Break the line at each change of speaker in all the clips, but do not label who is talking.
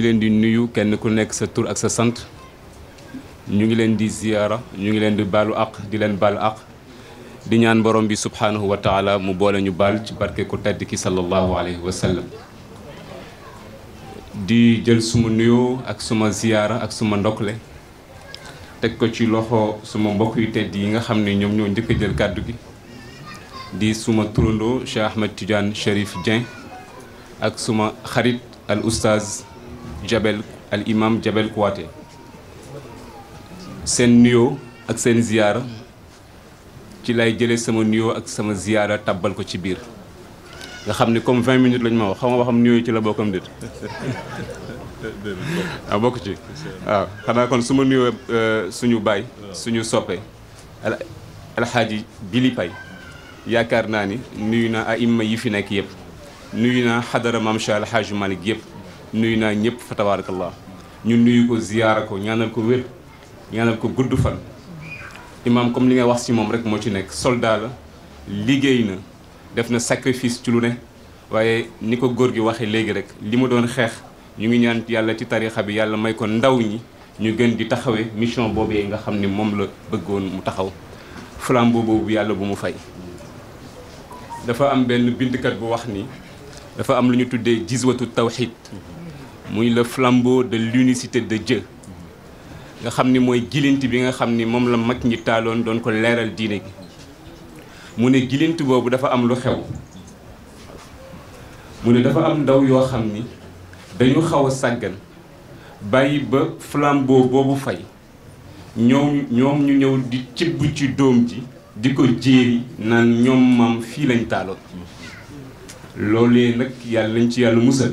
ngi di nuyu kenn ku nekk sa tur ak sa sant ñu ngi leen di ziyaara ñu ngi leen di baalu àq di leen baalu àq di ñaan borom bi subhaanahu wa taala mu boole ñu baal ci barke ku tedd ki sallallahu alayhi wa sallam di jël suma nuyoo ak suma ziyaara ak suma ndokkle teg ko ci loxo suma mbokk yu tedd yi nga xam ne ñoom ñoo njëkk jël kàddu gi di suma turandoo Cheikh Ahmed Tidiane Chérif Dieng ak suma xarit al oustaz Jabel al imam Jabel Kouaté seen nuyoo ak seen ziyaara ci lay jëlee sama nuyoo ak sama ziyaara tàbbal ko ci biir nga xam ne comme 20 minutes lañ ma wax xam nga waxam nuyoo ci la bokkam dit ah bokk ci waaw xanaa kon su ma nuyoo suñu baay suñu soppe alxaaji Bili Pay yaakaar naa ni nuyu naa aima yi fi nekk yëpp nuyu naa xadara Maam Cheikh Alxaaji Malick yëpp nuyu naa ñëpp fa tabaarakallah ñu nuyu ko ziyaara ko ñaanal ko wér ñaanal ko gudd fan imaam comme li ngay wax ci moom rek moo ci nekk soldat la liggéey na def na sacrifice ci lu ne waaye ni ko góor gi waxee léegi rek li mu doon xeex ñu ngi ñaan yàlla ci tariixa bi yàlla may ko ndaw ñi ñu gën di taxawee mission boobee nga xam ni moom la bëggoon mu taxaw flambeau boobu yàlla bu mu fay dafa am benn bindkat bu wax ni dafa am lu ñu tuddee jiswatu tawxiid muy le flambeau de l'unicité de Dieu nga xam ni mooy gilint bi nga xam ni moom la mag ñi taaloon doon ko leeral diine gi mu ne gilint boobu dafa am lu xew mu ne dafa am ndaw yoo xam ni dañu xaw a sàggan bàyyi ba flambeau boobu fay ñoom ñoom ñu ñëw di cibb ci doom ji di ko jéeri naan ñoom fii lañ taaloon loolee nag yàlla lañ ci yàlla musal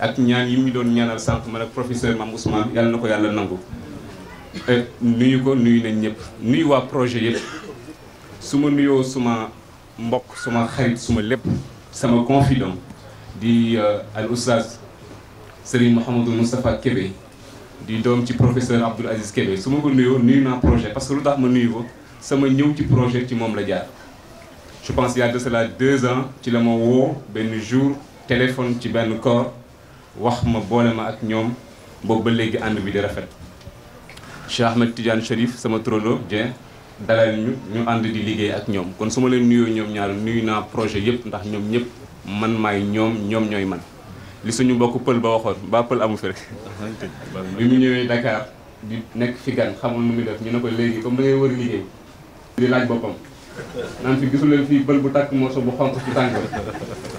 ak ñaan yi mu doon ñaanal sànq man ak professeur Mame Ousmane yàlla na ko yàlla nangu nuyu ko nuyu nañ ñëpp nuyu waa projet yëpp suma ma nuyoo suma mbokk suma xarit suma lépp sama confident di euh, al oustaz Serigne Mouhamadou Moustapha Kébé di doom ci professeur Abdoul Aziz Kébé su ma ko nuyoo nuyu naa projet parce que lu tax ma nuyu ko sama ñëw ci projet ci moom la jaar je pense il y a de cela deux ans ci la ma woo benn jour téléphone ci benn corps wax ma boole ma ak ñoom boobu ba léegi ànd bi di rafet Cheikh Ahmed Tidiane Cherif sama trolo Dieng dalal ñu ñu ànd di liggéey ak ñoom kon su ma leen nuyoo ñoom ñaar nuyu naa projet yëpp ndax ñoom ñëpp man maay ñoom ñoom ñooy man li suñu mbokk pël ba waxoon ba pël amu fi bi mu ñëwee Dakar di nekk fi gan xamul nu muy def ñu ne ko léegi comme da ngay wër liggéey di laaj boppam naan fi gisuleen fii bël bu tàkk morso bu xonq ci tànk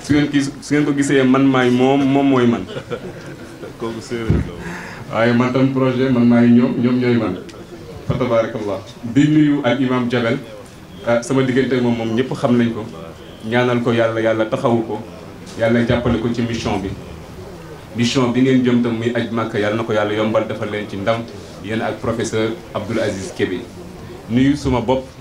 su ngeen ko gisee man maay moom moom mooy man kooku séeréer la waaye man tam projet man maay ñoom ñoom ñooy man fa tabarakallah di nuyu ak imam Jabel ah, sama diggante moom moom ñëpp xam nañ ko ñaanal ko yàlla yàlla taxawu ko yàlla jàppale ko ci mission bi mission bi ngeen jëm tam muy aj màkk yàlla na ko yàlla yombal defal leen ci ndam yéen ak professeur Abdoul Aziz Kébé nuyu suma bopp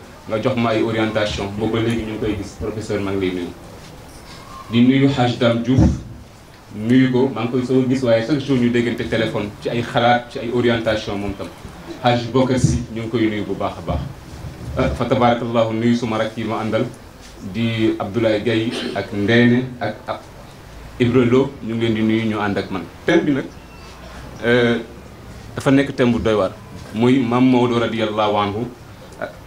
nga jox ma ay orientation ba léegi ñu ngi koy gis professeur maa ngi lay nuyu di nuyu Hadj Dame Diouf nuyu ko maa ngi koy soo gis waaye chaque jour ñu déggante téléphone ci ay xalaat ci ay orientation moom tam Hadj Bokar si ñu ngi koy nuyu bu baax a baax fa tabarakallahu nuyu suma rak yi ma àndal di Abdoulaye Gaye ak Ndeene ak ak Ibra Lo ñu ngi leen di nuyu ñu ànd ak man thème bi nag dafa nekk thème bu doy waar muy maam Maodo radiyallahu anhu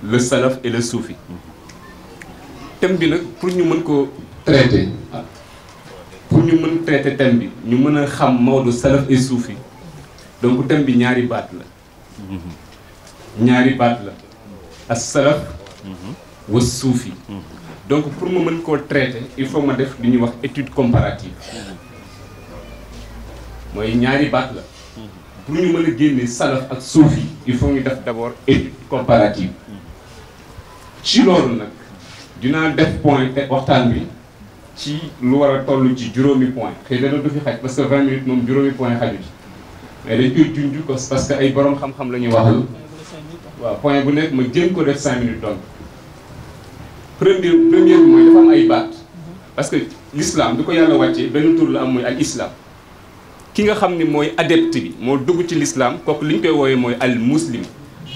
le salaf et le soufi thème bi pour ñu mën ko traiter pour ñu mën traiter thème bi ñu mëna xam Maodo salaf et soufi donc thème bi ñaari baat la ñaari baat la as salaf wa soufi. donc pour ma mën traiter il faut ma def lu wax étude comparative Moy ñaari baat la pour ñu mën a génne salaf ak soufi, il faut ñu def d'abord étude comparative ci loolu nag dinaa def point te waxtaan bi ci lu war a toll ci juróomi point xëy na du fi xaj parce que 20 minutes moom juróomi point xaju ci mais dañ koy junj ko parce que ay borom xam-xam la ñuy waxal waaw point bu nekk ma jéem ko def 5 minutes donc premier premier bi mooy dafa am ay baat parce que l'islam du ko yàlla wàccee benn tur la am mooy al islam ki nga xam ni mooy adepte bi moo dugg ci l'islam kooku li ñu koy woowee mooy al muslim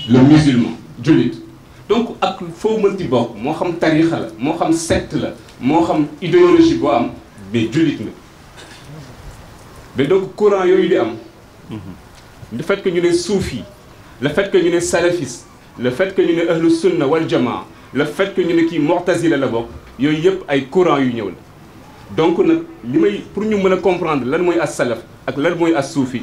le musulman
jullit donc ak foo mënti bokk moo xam tariixa la moo xam secte la moo xam idéologie boo am mais jullit nga mais donc courant yooyu di am le fait que ñu ne soufi le fait que ñu ne salafiste, le fait que ñu ne ahlu sunna wal jamaa le fait que ñu ne kii mortazila la bok, yooyu yep ay courant yu ñëw donc nag li pour ñu mën comprendre l'un mooy as salaf ak l'autre mooy as soufi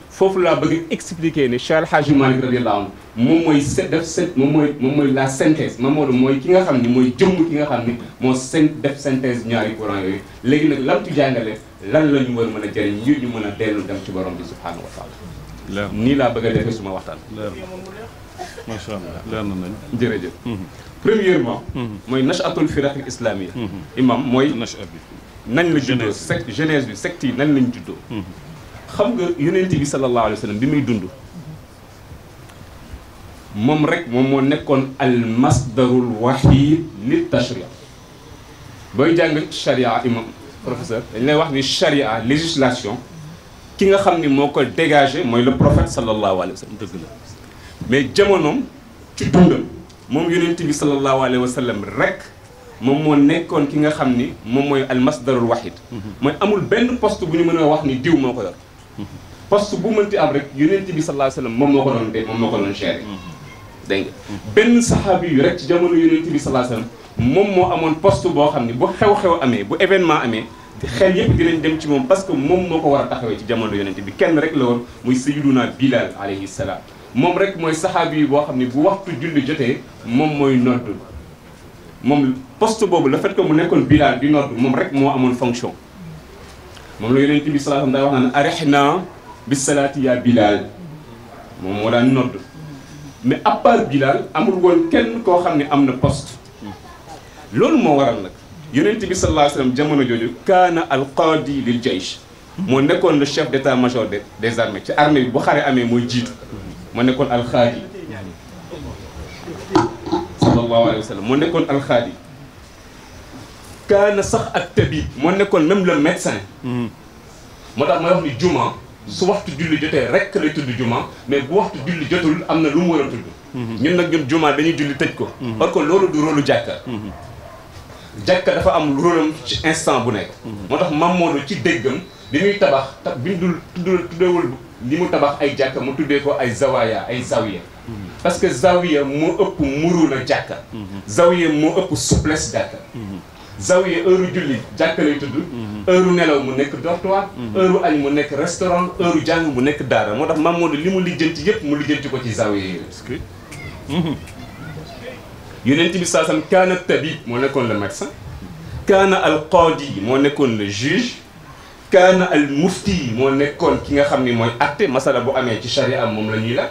foofu la bëgg expliquer ni Cheikh El Hadji Malick radiyallahu mom moy def seen mom moy mom moy la synthèse Mamadou moy ki nga xamni moy jëm ki nga xamni mo moo def synthèse ñaari courant yooyu léegi nag lam tu jàngale lan lañu wër mëna mën a ñu mëna déllu dem ci borom bi subhanahu wa taala ni la bëgg a defee suma waxtaan macha allah leer na nañ jërëjëf mhm. premièrement moy mhm. nashatul firaq islamiyya mhm. imam moy nacha bi nañ la juddoo sect genèse bi secte yi nañ lañ juddoo xam nga yonent bi sallallahu alayhi wa bi muy dund moom rek mom mo nekkoon al masdarul wahid lit tashri boy jàng sharia imam professeur dañ lay wax ni sharia législation ki nga xamni moko dégager moy le prophète sallallahu alayhi wasallam deug dëgg la mais jamonoom ci dundam mom yonent bi sallallahu alayhi wasallam rek mom mo nekkoon ki nga xamni mom moy al masdarul wahid moy amul benn poste bu ñu mën wax ni diw moko yor poste bu mënti am rek yonent bi sallallahu alayhi wasallam moom moo ko doon de moom moo ko doon géré dégg nga benn saxaabi yu rek ci jamono yonent bi sallallahu moom moo amoon post boo xam ne bu xew-xew amee bu événement amee xel yëpp dinañ dem ci moom parce que moom moo ko war a taxawee ci jamono yonent bi kenn rek la woon muy sayyiduna Bilal alayhi salaam moom rek mooy saxaabi yi boo xam ne bu waxtu julli jotee moom mooy nodd moom poste boobu la fait que mu nekkoon Bilal di nodd moom rek moo amoon fonction mom lo yenen bi sallallahu alayhi wa sallam daa wax naan arihna bis salati ya Bilal mom mo dan nodd mais apart Bilal amul won kenn ko xamni amna poste lolou mo waral nak yenen bi sallallahu alayhi wa sallam jamono kana al qadi lil jaysh mo nekkon le chef d'état état major des armées ci armée bu xare amé moy mooy mo nekkon al khadi sallallahu alayhi wa sallam nekkon al khadi kaana sax ak tabib mo nekkoon même le médecin hmm. motax moy wax ni djuma su waxtu julli jotee rek lay tudd djuma mais bu waxtu julli jotul amna lu mu war a tudd hmm. ñun nak ñun djuma dañuy julli tejj ko hmm. parce que lolu du rôle jakka jakka dafa am rôlam ci instant bu nek motax tax Mamadou ci déggam li muy tabax ta bindul tudd tuddewul li mu tabax ay jakka mu tuddé ko ay zawaya ay zawiya parce que zawiya mo ëpp muru na jakka zawiya mo ëpp souplesse jàkka zawiya heure julli jàkka lay tudd heure nelaw mu nekk dortoir heure añ mu nekk restaurant heure jàng mu nekk daara moo tax Maam Maodo li mu lijjanti yëpp mu lijjanti ko ci zawiya yi yonent bi saasam kaana tabib moo nekkoon le médecin kaana al qaadi moo nekkoon le juge kaana al mufti moo nekkoon ki nga xam ni mooy atte masala bu amee ci sharia moom la ñuy la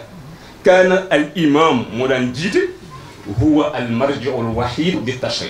kaana al imam moo daan jiite huwa al marjiu al wahid di tashri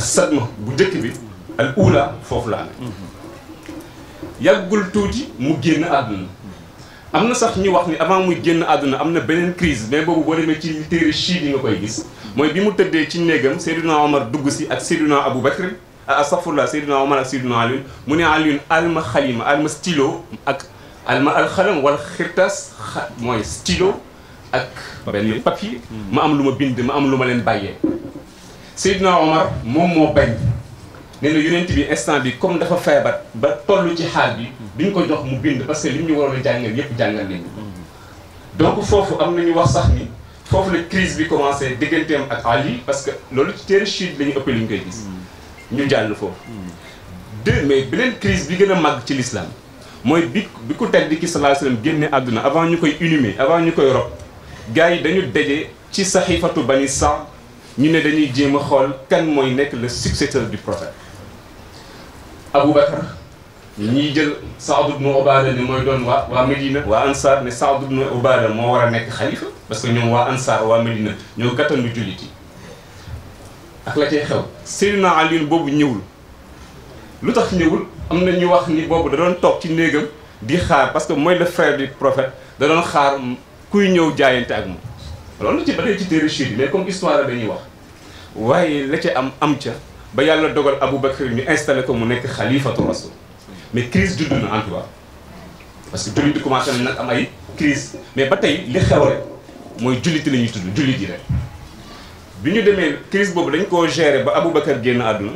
sadma bu njëkk bi al ula foofu la amee yàggul tuuti mu génn àdduna am na sax ñu wax ni avant muy génn àdduna am na beneen crise mais boobu boo demee ci téere chiite yi nga koy gis mooy bi mu tëddee ci néegam Seydina Omar dugg si ak Seydina Abou Bakr ak safurla Seydina Omar ak Seydina Alioune mu ne Alioune alma xalima alma stylo ak alma alxalam wala xirtas mooy stylo ak benn papier ma am lu ma bind ma am lu ma leen bàyyee Sidna Omar mom mo bañ nee na yonent bi instant bi comme dafa feebar ba tollu ci xal bi biñ ko jox mu bind parce que li ñu waroon a jàngal yépp jàngal nañu donc fofu am nañu wax sax ni fofu la crise bi commencé digganteem ak Ali parce que lolu ci terre chute la ñu ëpp li ñu koy gis ñu jàll fofu deux mais benen crise bi gëna mag ci l'islam mooy bi bi ku tedd ki sallallahu alayhi wasallam génne àdduna avant ñu koy inhumer avant ñu koy rob gars yi dañu daje ci saxifatu bani sa ñu ne dañuy jéem a xool kan mooy nekk le successeur du prophète abou Aboubacar ñiy jël Saad ibn Ubaada ni mooy doon waa waa Medina waa Ansaar ne Saad ibn Ubaada moo war a nekk xalifa parce que ñoom waa Ansaar waa Medina ñoo gàttandu jullit yi ak la cay xew Seydina Aliou boobu ñëwul lu tax ñëwul am na ñu wax ni boobu da doon toog ci néegam di xaar parce que mooy le frère du prophète da doon xaar kuy ñëw jaayante ak moom loolu ci ba tey ci téere chute mais comme histoire la dañuy wax waye la ci am am ca ba yàlla dogal abou bakr ñu installer ko mu nekk xalifatu rasul mais crise du na en tout cas parce que jullit commencé nak am ay crise mais ba tay li xew rek mooy julliti la ñuy tudd yi rek bi ñu crise boobu dañ koo gérer ba Aboubacar génn aduna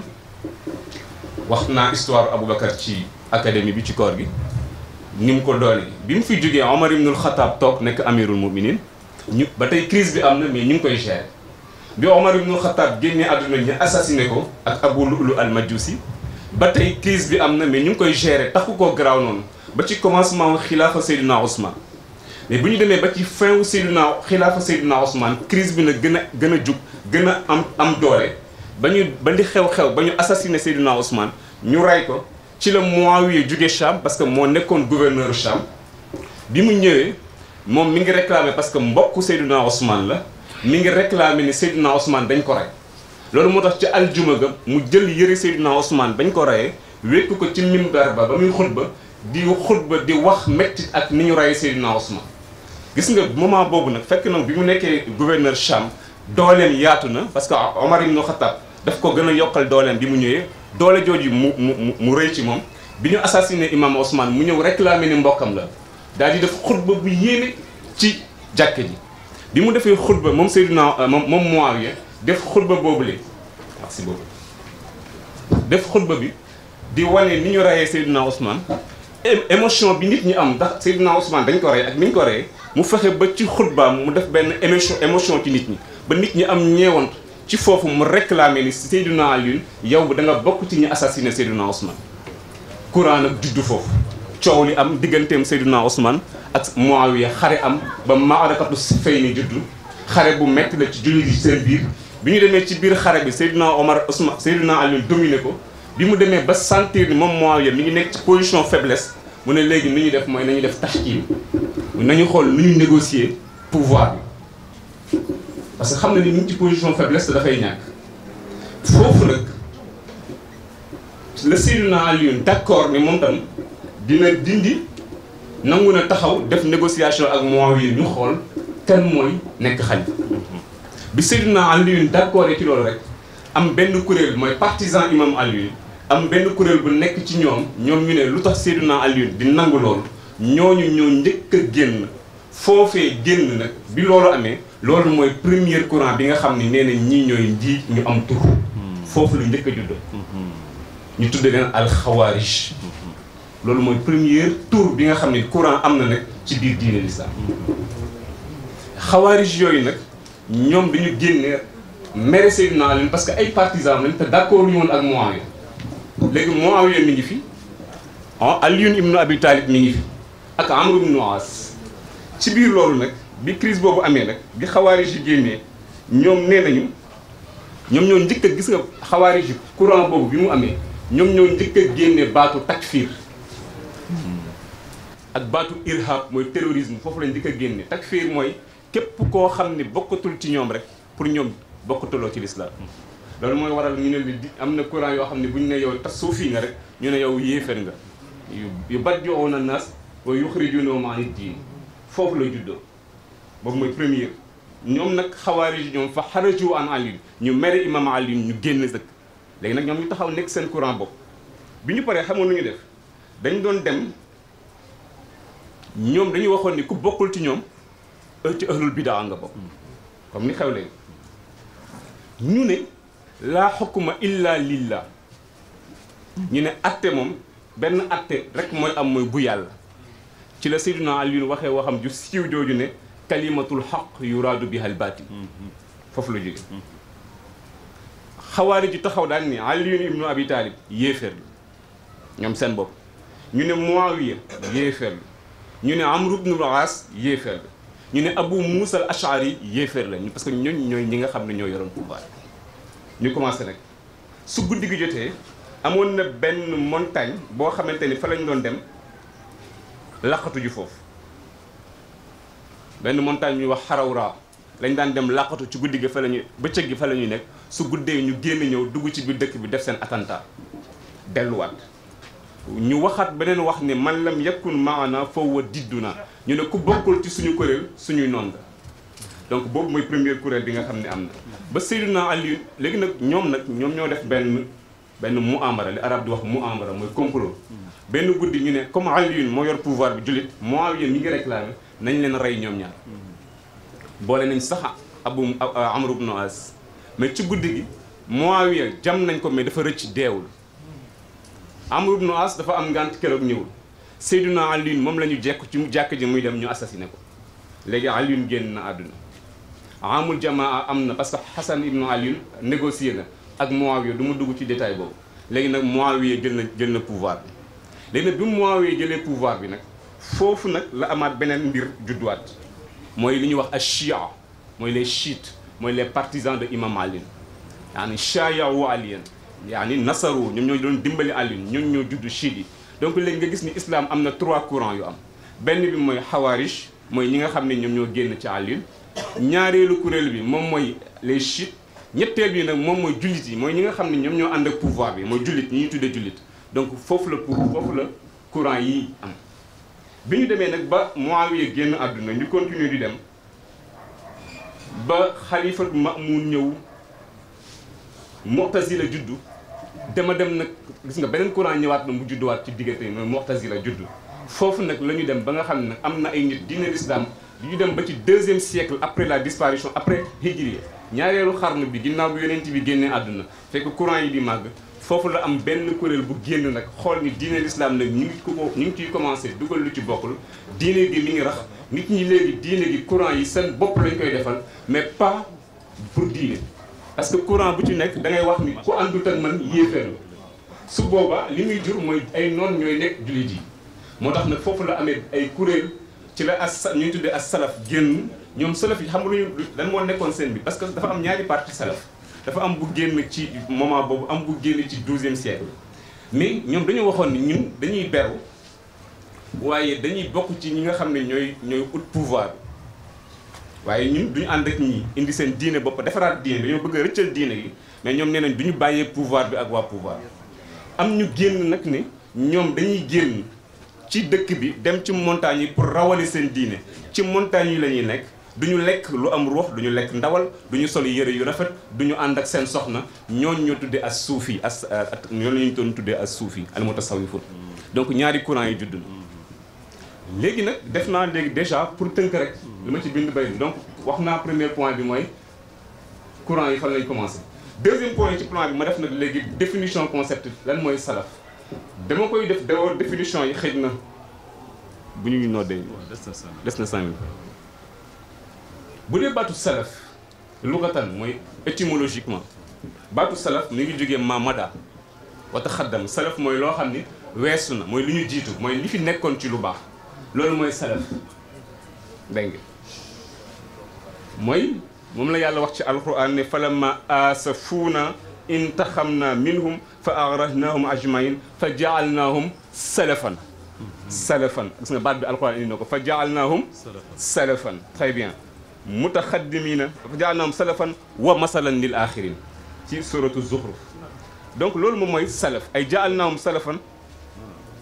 waxna histoire abou bakr ci académie bi ci koor gi nim ko doli bim fi jógee Omar ibn al khattab tok nek amirul muminin ñu ba tey crise bi amna mais ñu ngi koy gérer bi Omar ibnu Xataab génne àdduna ñu assassiné ko ak Abu Lu'lu al Majusi ba tey crise bi am na mais ñu ngi koy gérer taxu ko graaw noonu ba ci commencement xilaafa Seydina Ousmane mais bu ñu demee ba ci fin wu Seydina xilaafa Seydina Ousmane crise bi na gën a gën a jug gën a am am doole ba ñu ba li xew-xew ba ñu assassiné Seydina Ousmane ñu rey ko ci la Muawiya jóge Cham parce que moo nekkoon gouverneur Cham bi mu ñëwee moom mi ngi réclamé parce que mbokk Seydina Ousmane la mi ngi réclamé ni Seydina Ousmane dañ ko rey loolu moo tax ci aljuma ga mu jël yëre Seydina Ousmane bañ ko reyee wékk ko ci mimbar ba ba muy xutba di xutba di wax métti ak ni ñu rey Seydina Ousmane gis nga moment boobu nag fekk na bi mu nekkee gouverneur Cham dooleem yaatu na parce que Omar ibn Khattab daf ko gën a yokkal dooleem bi mu ñëwee doole jooju mu mu mu rëy ci moom bi ñu assassiné imam Ousmane mu ñëw réclamer ni mbokkam la daal di def xutba bu yéeme ci jàkke ji bi mu defee xutba moom Seydina euh, moom moom Muawiya def xutba boobu lee merci def xutba bi di wane ni ñu rayee Seydina Ousmane émotion bi nit ñi am ndax Seydina Ousmane dañ ko rey ak ni ñu ko reyee mu fexe ba ci xutbaam mu def benn émotion émotion ci nit ñi ba nit ñi am ñeewant ci foofu mu réclamer ni Seydina Alioune yow da nga bokk ci ñi assassiné Seydina Ousmane courant nag juddu foofu coow li am digganteem Seydina Ousmane ak Muawiya xare am ba Maarakatu Siffin juddu xare bu metti la ci jullit yi seen biir bi ñu demee ci biir xare bi Seydina Omar Ousmane Seydina Ali dominé ko bi mu demee ba sentir ni moom Muawiya mi ngi nekk ci position faiblesse mu ne léegi ni ñuy def mooy nañu def tahkim nañu xool nu ñu négocier pouvoir bi parce que xam na ni mu ngi ci position faiblesse dafay ñàkk foofu nag la Seydina Ali d'accord ni moom tam dina dindi nangu na taxaw def négociation ak Muawiya ñu xool kan mooy nekk xalifa bi Seydina Alioune d'accord ci loolu rek am benn kuréel mooy partisan imam Alioune am benn kuréel bu nekk ci ñoom ñoom ñu ne lu tax Seydina Alioune di nangu loolu ñu ñoo njëkk a génn foofee génn nag bi loolu amee loolu mooy premier courant bi nga xam ne nee na ñii ñooy njiit ñu am tur hmm. foofu lu njëkk a judd hmm. ñu tudde leen alxawaarij hmm. loolu mooy première tour bi nga xam ne courant am na nag ci biir diine lislaam xawaarij yooyu nag ñoom bi ñu génne mere Seydina Ali parce que ay partisans lañ te d'accord ñu woon ak Muawiya léegi Muawiya mi ngi fi ah, Aliyun ibnu Abi Talib mi ngi fi ak Amr ibnu As ci biir loolu nag bi crise boobu amee nag bi xawaarij yi génnee ñoom nee nañu ñoom ñoo njëkk a gis nga xawaarij yi courant boobu bi mu amee ñoom ñoo njëkk a génne baatu takfir ak baatu irhab mooy terrorisme foofu lañ di ko génne takfiir mooy képp koo xam ne bokkatul ci ñoom rek pour ñoom bokkatuloo ci lislaam loolu mooy waral ñu ne li di am na courant yoo xam ne bu ñu ne yow tas suufi nga rek ñu ne yow yéeféer nga yu baddi'uuna naas wa yuxrijuunahum ani jii foofu la juddoo boobu mooy première ñoom nag xawaarij ñoom fa xaraju an Ali ñu mere imam Ali ñu génn dëkk léegi nag ñoom ñu taxaw nekk seen courant bopp bi ñu paree xamoon lu ñu def dañ doon dem ñoom dañu waxoon ni ku bokkul ci ñoom ci ahlul bidaa nga bokk comme ni xew léegi ñu ne laa xukuma illa la ñu ne atte moom benn atte rek mooy am mooy bu yàlla ci la Seydina Aliyu waxee waxam ju siiw jooju ne kalimatul xaq yu biha al baatil foofu la jóge xawaari ji taxaw daan ni Aliyu ibnu Abi Taalib la ñoom seen bopp ñu ne Muawiya yéeféer la ñu ne Amr ibn al-As ñu ne Abu musal al-Ash'ari yéeféer la parce que ñooñ ñooy ñi nga xam ne ñoo yoroon pouvoir ñu commencé nag su guddi gi jotee amoon na benn montagne boo xamante ni fa lañ doon dem laqatu ju foofu benn montagne ñuy wax xarawraa lañ daan dem laqatu ci guddi gi fa la ñuy gi fa la ñuy nekk su guddee ñu génn ñëw dugg ci biir dëkk bi def seen attentat delluwaat ñu waxaat beneen wax ne man la lam yakun maana foofu wa diddu na ñu ne ku bokkul ci suñu kuréel suñuy noon la donc boobu mooy première kuréel bi nga xam ne am na ba naa Aliou léegi nag ñoom nag ñoom ñoo def benn benn mu amara li arab di wax mu amara mooy complot benn guddi ñu ne comme Aliou moo yor pouvoir bi jullit Muawiya mi ngi réclamé nañ leen rey ñoom ñaar boole nañ sax abu Amr ibn As mais ci guddi gi Muawiya jam nañ ko mais dafa rëcc deewul Amr ibn As dafa am ngànt keroog ñëwul Seydina Alioune moom la ñu jekk ci mu jàkk ji muy dem ñu assassiné ko léegi Alioune génn na àdduna amul jamaa am na parce que Hassan ibn Alioune négocié na ak Muawiya du ma dugg ci détail boobu léegi nag Muawiya jël na jël na pouvoir bi léegi nag bi Muawiya jëlee pouvoir bi nag foofu nag la amaat beneen mbir judduwaat mooy lu ñuy wax ashia mooy les chiites mooy les partisans de Imam Ali yaani shaayawu Aliyan yaani nasaru ñoom ñoo doon dimbali Alioune ñoom ñoo juddu chiite yi donc léegi nga gis ni islaam am na trois courants yu am benn bi mooy xawaarij mooy ñi nga xam ne ñoom ñoo génn ci Alioune ñaareelu kuréel bi moom mooy les chiites ñetteel bi nag moom mooy jullit yi mooy ñi nga xam ne ñoom ñoo ànd ak pouvoir bi mooy jullit ñi ñuy tuddee jullit donc foofu la pour foofu la courant yi am bi ñu demee nag ba Muawiya génn àdduna ñu continuer di dem ba xalifa Mamoun ñëw Mu'tazila juddu dama dem nag gis nga beneen courant ñëwaat na mu judduwaat ci diggante yi mooy Mu'tazila judd foofu nag la ñu dem ba nga xam ne am na ay nit diine l'islam yu dem ba ci deuxième siècle après la disparition après hijriya ñaareelu xarnu bi ginnaaw bi yonent bi génnee àdduna fekk courant yi di màgg foofu la am benn kuréel bu génn nag xool ni diine l'islam nag ñu ngi ko ñu ngi ciy commencé dugal lu ci bokkul diine gi mi ngi rax nit ñi léegi diine gi courant yi seen bopp lañ koy defal mais pas pour diine parce que courant bu ci nekk dangay wax ni ku àndut ak man yéeféer la su booba li muy jur mooy ay noon ñooy nekk jullit yi moo tax nag foofu la amee ay kuréel ci la as sa ñuy tuddee as salaf génn ñoom salaf yi xam luñu lan moo nekkoon seen bi parce que dafa am ñaari parti salaf dafa am bu génn ci moment boobu am bu génn ci douzième siècle mais ñoom dañu waxoon ni ñun dañuy beru waaye dañuy bokk ci ñi nga xam ne ñooy ñooy ut pouvoir bi waye ñun duñ and ak ñi indi seen diiné bop defaraat diiné dañu bëgg rëccël diiné yi mais ñom nee duñu bayé pouvoir bi ak wa pouvoir am ñu génn nak né ñom dañuy génn ci dëkk bi dem ci montagne pour rawali seen diiné ci montagne yi lañuy nek duñu lek lu am ruux duñu lek ndawal duñu ñu sol yëre yu rafet duñu and ak seen soxna ñooñu ñu tuddee as soufi as euh, ñooñu la ñu as soufi al mutasawwifun donc ñaari courant yi juddul léegi nak def naa léegi déjà pour teunk rek li ci bind bay donc waxna premier point bi moy courant yi fa lañ commencé deuxième point ci plan bi ma def nag léegi définition concept lan moy salaf dama koy def d'abord définition yi xëj na bu ñu noddee des na cinq mille bu dee baatu salaf lugatan moy étymologiquement baatu salaf mi ngi jógee mamada wa xaddam salaf moy lo xamni wessuna moy na mooy lu ñu jiitu mooy li fi nekkoon ci lu baax لول موي سلف بنغي موي موم لا يالا واخ القران فلما اسفونا انتخمنا منهم فاغرهناهم اجمعين فجعلناهم سلفا سلفا غيس نغ بعد القران اني نكو فجعلناهم سلفا تري بيان متقدمين فجعلناهم سلفا ومثلا للاخرين في سوره الزخرف دونك لول موم موي سلف اي جعلناهم سلفا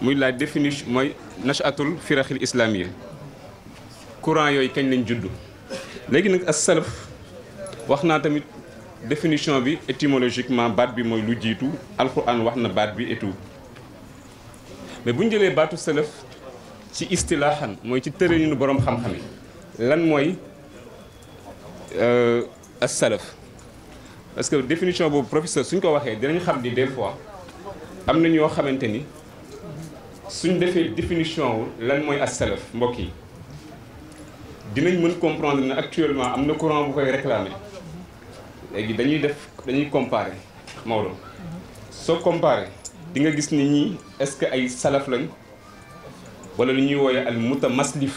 muy la définition mooy nachatul firaxil islamiya courant yooyu kañ lañ judd léegi nag as salaf wax naa tamit définition bi étymologiquement baat bi mooy lu jiitu alquran wax na baat bi et tout mais bu ñu jëlee baatu salaf ci istilaaxan mooy ci tëralinu boroom xam-xam lan mooy euh, as salaf parce que définition boobu professeur suñ ko waxee dinañ xam ni des fois am na ñoo xamante ni suñ defee définition wu lan mooy as-salaf mbokk yi dinañ mën comprendre ne actuellement am na courant bu koy réclamer léegi dañuy def dañuy comparer Maodo soo comparer di nga gis ni ñii est-ce que ay salaf lañ wala lu ñuy wooyee al mutamaslif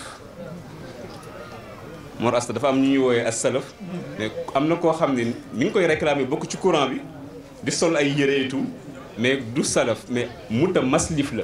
Mor Asta dafa am ñu ñuy wooyee as salaf mais am na koo xam ne mi ngi koy réclamer bokk ci courant bi di sol ay yëreetu mais du salaf mais mutamaslif la.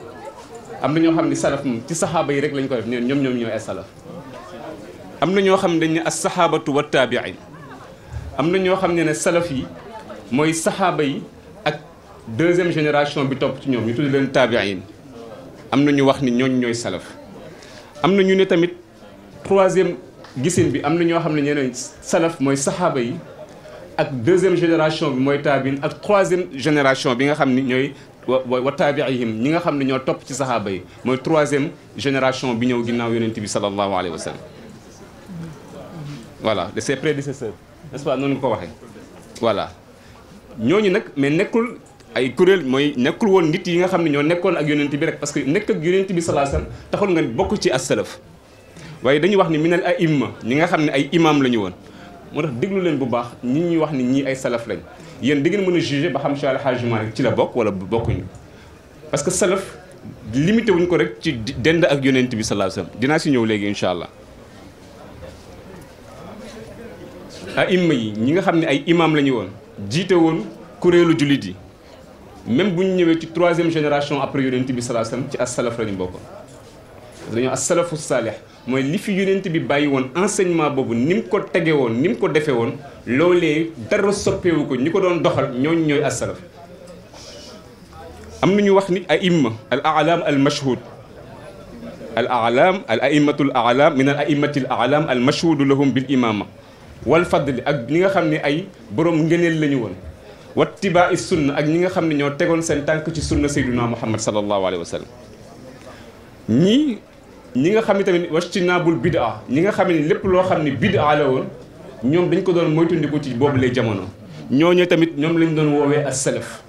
am na ñoo xam ne salaf moom ci saxaaba yi rek lañ ko ñoom ñoom ñooy am na ñoo xam ne dañ ne as saxaabatu wa taabiin am na ñoo xam ne ne salaf yi mooy saxaaba yi ak deuxième génération bi topp ci ñoom ñu tudd leen taabiin am na ñu wax ni ñooñ ñooy salaf am na ñu ne tamit troisième gisin bi am na ñoo xam ne ñeneen salaf mooy saxaaba yi ak deuxième génération bi mooy taabiin ak troisième génération bi nga xam ni ñooy wa taabiihim ñi nga xam ne ñoo topp ci saxaaba yi mooy troisième génération bi ñëw ginnaaw yonent bi sallallahu alayhi wa sallam voilà de ses prédécesseurs n'est-ce pas ko waxee voilà ñooñu nag mais nekkul ay kuréel mooy nekkul woon nit yi nga xam ne ñoo nekkoon ak yonent bi rek parce que nekk ak yonent bi sallallahu alayhi wa sallam taxul nga bokk ci as-salaf waaye dañuy wax ni minal aimma ñi nga xam ne ay imaam la ñu woon moo tax déglu leen bu baax ñi ñuy wax ni ñi ay salaf lañ yéen di ngeen mën a jugé ba xam Cheikh Al Hadj Malick ci la bokk wala bokkuñu parce que salaf limité wuñ ko rek ci dend ak yonent bi sallallahu alayhi wasallam dinaa si ñëw léegi incha allah. aïma yi ñi nga xam ne ay imam la ñu woon jiite woon kuréelu jullit yi même bu ñu ñëwee ci troisième génération après yonent bi sallallahu alayhi wasallam ci as salaf la ñu dañoo as-salafu saalix mooy li fi yonent bi bàyyi woon enseignement boobu ni mu ko tege woon ni mu ko defee woon loolee dara soppeewu ko ñi ko doxal ñooñu ñooy as-salaf am na wax ni aïmma al a'lam al mashhud al a'lam al aïmmatul a'lam min al aïmmatil a'lam al mashhudu lahum bil imama wal fadli ak ñi nga xam ne ay borom ngëneel la ñu woon wattibaa'i sunna ak ñi nga xam ñoo tegoon seen tànk ci sunna sayyiduna muhammad sallallahu alayhi wa sallam ñi nga xam ne tamit wastinaabul bid'a ñi nga xam lépp lo xamni bid'a la won ñom dañ ko doon moytandiku ci bobu lay jamono ñoñu tamit ñom lañ doon wowe as salaf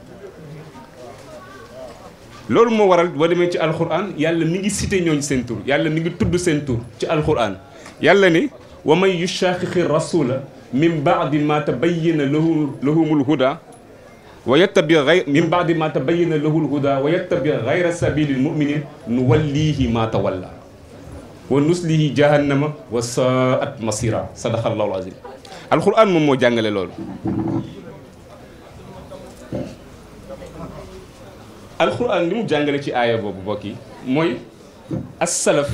loolu mo waral boo demee ci al-qur'an yàlla mi ngi cité ñoñ sen tour yàlla mi ngi tuddu sen tour ci al-qur'an yàlla ni wa may yushaqiqi ar-rasul min ba'di ma tabayyana lahu lahumul huda wa yattabi gay min baadi ma tabayyana lahul huda wa yattabi gayra sabilil muminin nuwallihi ma tawalla wa nuslihi jahannama wa saat masira sadaqallaahu azim alquran moom moo jàngale loolu alquran li mu jàngale ci aaya boobu bokk yi mooy assalaf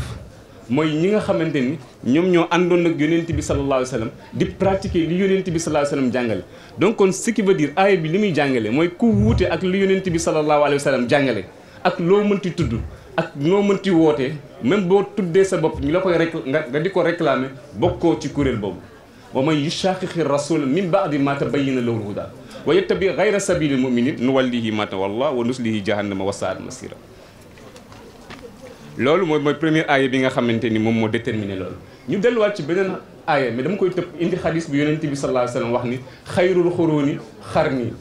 mooy ñi nga xamante ni ñoom ñoo àndoon ak yonent bi sallallahu alayhi wa sallam di pratiquer li yonent bi sallallahu alayhi wa sallam jàngale donc kon ce qui veut dire aaya bi li muy jàngale mooy ku wuute ak li yonent bi sallallahu alayhi wa sallam jàngale ak loo mënti tudd ak noo mënti wootee même bo tuddé sa bop ñu la koy rek nga diko réclamer bokko ci kuréel boobu wa may yushaqiqi rasul min baadi ma tabayyana lahu huda wa yattabi ghayra sabili mu'minin nuwallihi ma tawalla wa nuslihi jahannama wa saat masira lolu moy moy première aya bi nga xamanteni mom mo déterminer lolu ñu delu wat ci benen aya mais dama koy tepp indi hadith bu yonnati bi sallallahu alayhi wasallam wax ni khayrul khuruni kharni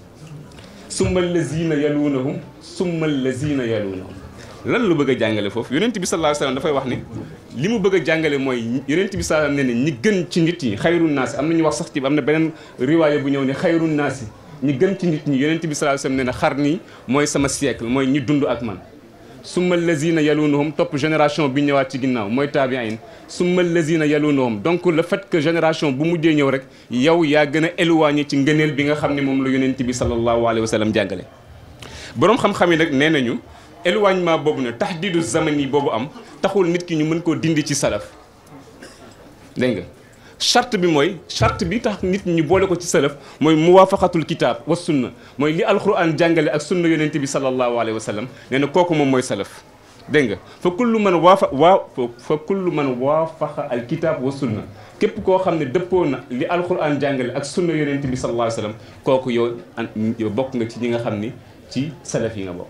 summal allazina yalunhum summal allazina yalunhum lan lu bëgg jàngale foofu yonent bi sallallahu alayhi wasallam dafay wax ni li mu bëgg a jàngale mooy yonent bi sallallahu alayhi wasallam ne ne ñi gën ci nit ñi xayrun naas am na ñu wax sax ci am na beneen riwaaya bu ñëw ni xayrun naas ñi gën ci nit ñi yonent bi sallallahu alayhi wasallam ne ne xar nii mooy sama siècle mooy ñi dund ak man summa lazina yaluunahum top génération bi ñëwaat ci ginnaaw mooy tabiin summa lazina yaluunahum donc le fait que génération bu mujjee ñëw rek yow yaa gën a éloigné ci ngëneel bi nga xam ne moom la yonent bi sallallahu alayhi wasallam jàngale borom xam-xam yi nag nee nañu éloignement bobu ne tahdidu zamani bobu am taxul nit ki ñu mën ko dindi ci salaf deng nga charte bi moy charte bi tax nit ñu boole ko ci salaf moy muwafaqatul kitab wa sunna moy li alquran jàngale ak sunna yonente bi sallallahu alayhi wa sallam nee na kooku moom salaf deng nga fa kullu man waafa wa fa kullu man wafaqa alkitab wa sunna kep ko xamne ne na li alquran jàngale ak sunna yonente bi sallallahu alayhi wa sallam kooku yow an bokk nga ci ñi nga xamni ci salaf yi nga bokk